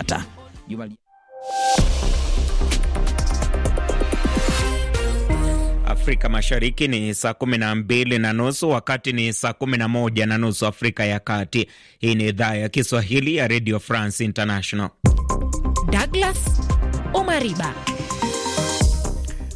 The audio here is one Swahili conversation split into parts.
utayapata Afrika Mashariki ni saa kumi na mbili na nusu wakati ni saa kumi na moja na nusu Afrika ya Kati. Hii ni idhaa ya Kiswahili ya Radio France International. Douglas Omariba,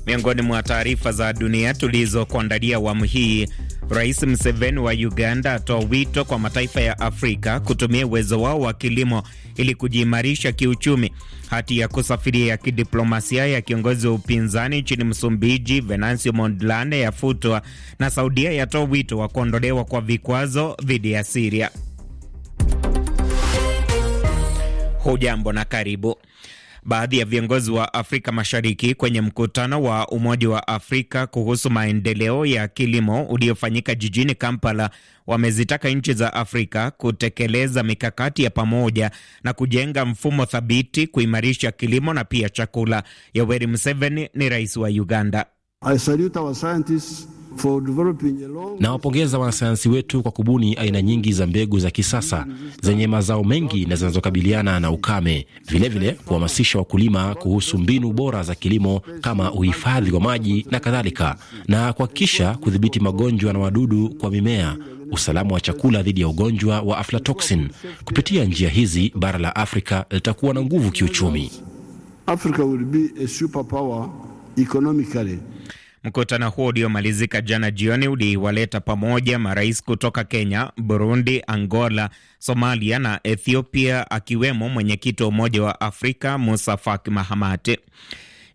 miongoni mwa taarifa za dunia tulizokuandalia awamu hii Rais Mseveni wa Uganda atoa wito kwa mataifa ya Afrika kutumia uwezo wao wa kilimo ili kujiimarisha kiuchumi. Hati ya kusafiria ya kidiplomasia ya kiongozi wa upinzani nchini Msumbiji, Venancio Mondlane, yafutwa na Saudia yatoa wito wa kuondolewa kwa vikwazo dhidi ya Siria. Hujambo na karibu baadhi ya viongozi wa Afrika Mashariki kwenye mkutano wa Umoja wa Afrika kuhusu maendeleo ya kilimo uliofanyika jijini Kampala wamezitaka nchi za Afrika kutekeleza mikakati ya pamoja na kujenga mfumo thabiti kuimarisha kilimo na pia chakula. Yoweri Museveni ni rais wa Uganda. I salute our scientists. Nawapongeza wanasayansi wetu kwa kubuni aina nyingi za mbegu za kisasa zenye mazao mengi na zinazokabiliana na ukame, vilevile kuhamasisha wakulima kuhusu mbinu bora za kilimo kama uhifadhi wa maji na kadhalika, na kuhakikisha kudhibiti magonjwa na wadudu kwa mimea, usalama wa chakula dhidi ya ugonjwa wa aflatoxin. Kupitia njia hizi, bara la Afrika litakuwa na nguvu kiuchumi. Africa will be a superpower economically. Mkutano huo uliomalizika jana jioni uliwaleta pamoja marais kutoka Kenya, Burundi, Angola, Somalia na Ethiopia, akiwemo mwenyekiti wa Umoja wa Afrika Musa Faki Mahamate.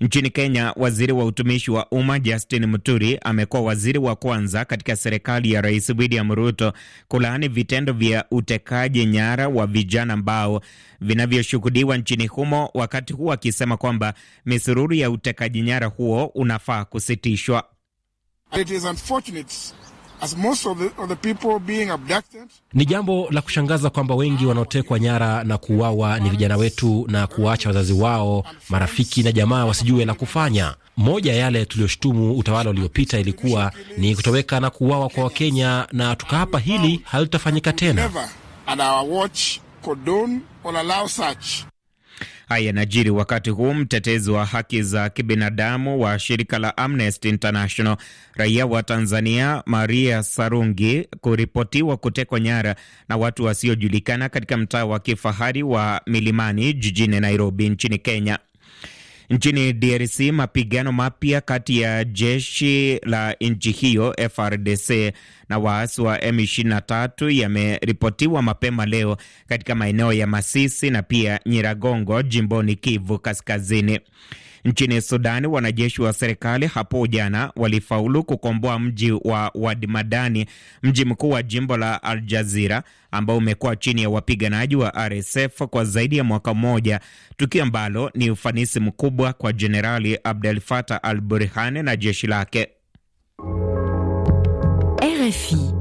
Nchini Kenya, waziri wa utumishi wa umma Justin Muturi amekuwa waziri wa kwanza katika serikali ya Rais William Ruto kulaani vitendo vya utekaji nyara wa vijana ambao vinavyoshuhudiwa nchini humo, wakati huo akisema kwamba misururu ya utekaji nyara huo unafaa kusitishwa. It is as most of the, of the people being abducted. Ni jambo la kushangaza kwamba wengi wanaotekwa nyara na kuuawa ni vijana wetu na kuwaacha wazazi wao, marafiki na jamaa wasijue la kufanya. Moja ya yale tuliyoshutumu utawala uliopita ilikuwa ni kutoweka na kuuawa kwa Wakenya, na tukaapa hili halitafanyika tena. Haya yanajiri wakati huu mtetezi wa haki za kibinadamu wa shirika la Amnesty International, raia wa Tanzania Maria Sarungi kuripotiwa kutekwa nyara na watu wasiojulikana katika mtaa wa kifahari wa Milimani jijini Nairobi nchini Kenya. Nchini DRC mapigano mapya kati ya jeshi la nchi hiyo FRDC na waasi wa M23 yameripotiwa mapema leo katika maeneo ya Masisi na pia Nyiragongo jimboni Kivu Kaskazini. Nchini Sudani, wanajeshi wa serikali hapo jana walifaulu kukomboa mji wa Wadmadani, mji mkuu wa jimbo la Al Jazira ambao umekuwa chini ya wapiganaji wa RSF kwa zaidi ya mwaka mmoja, tukio ambalo ni ufanisi mkubwa kwa Jenerali Abdel Fattah al Burhan na jeshi lake. RFI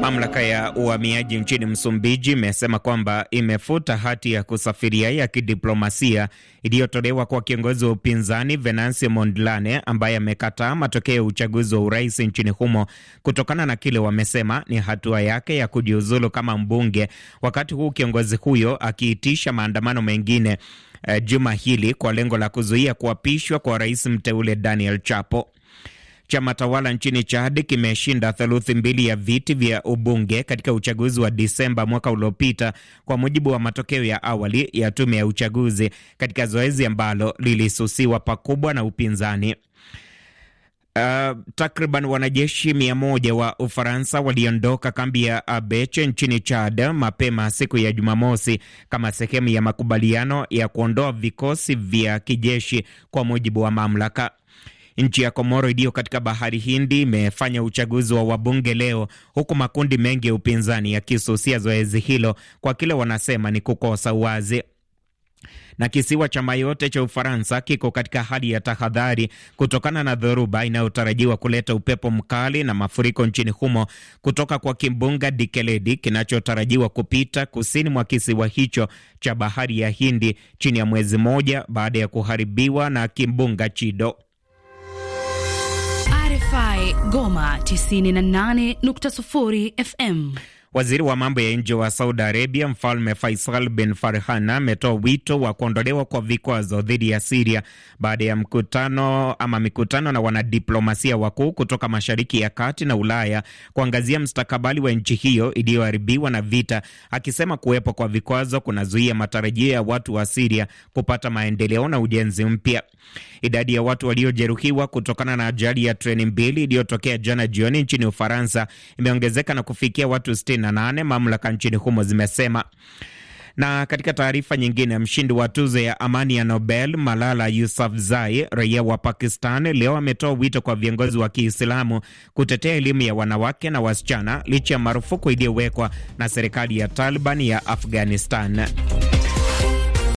Mamlaka ya uhamiaji nchini Msumbiji imesema kwamba imefuta hati ya kusafiria ya kidiplomasia iliyotolewa kwa kiongozi wa upinzani Venancio Mondlane ambaye amekataa matokeo ya uchaguzi wa urais nchini humo kutokana na kile wamesema ni hatua yake ya kujiuzulu kama mbunge, wakati huu kiongozi huyo akiitisha maandamano mengine uh, juma hili kwa lengo la kuzuia kuapishwa kwa rais mteule Daniel Chapo. Chama tawala nchini Chad kimeshinda theluthi mbili ya viti vya ubunge katika uchaguzi wa Disemba mwaka uliopita, kwa mujibu wa matokeo ya awali ya tume ya uchaguzi, katika zoezi ambalo lilisusiwa pakubwa na upinzani. Uh, takriban wanajeshi mia moja wa Ufaransa waliondoka kambi ya Abeche nchini Chad mapema siku ya Jumamosi kama sehemu ya makubaliano ya kuondoa vikosi vya kijeshi kwa mujibu wa mamlaka. Nchi ya Komoro iliyo katika bahari Hindi imefanya uchaguzi wa wabunge leo, huku makundi mengi ya upinzani yakisusia zoezi hilo kwa kile wanasema ni kukosa uwazi na kisiwa cha Mayotte cha Ufaransa kiko katika hali ya tahadhari kutokana na dhoruba inayotarajiwa kuleta upepo mkali na mafuriko nchini humo kutoka kwa kimbunga Dikeledi kinachotarajiwa kupita kusini mwa kisiwa hicho cha bahari ya Hindi chini ya mwezi mmoja baada ya kuharibiwa na kimbunga Chido. RFI Goma 98.0 FM. Waziri wa mambo ya nje wa Saudi Arabia, Mfalme Faisal bin Farhan, ametoa wito wa kuondolewa kwa vikwazo dhidi ya Siria baada ya mkutano ama mikutano na wanadiplomasia wakuu kutoka Mashariki ya Kati na Ulaya kuangazia mstakabali wa nchi hiyo iliyoharibiwa na vita, akisema kuwepo kwa vikwazo kunazuia matarajio ya watu wa Siria kupata maendeleo na ujenzi mpya. Idadi ya watu waliojeruhiwa kutokana na ajali ya treni mbili iliyotokea jana jioni nchini Ufaransa imeongezeka na kufikia watu 28 mamlaka nchini humo zimesema. Na katika taarifa nyingine, mshindi wa tuzo ya amani ya Nobel Malala Yousafzai, raia wa Pakistan, leo ametoa wito kwa viongozi wa Kiislamu kutetea elimu ya wanawake na wasichana licha ya marufuku iliyowekwa na serikali ya Taliban ya Afghanistan.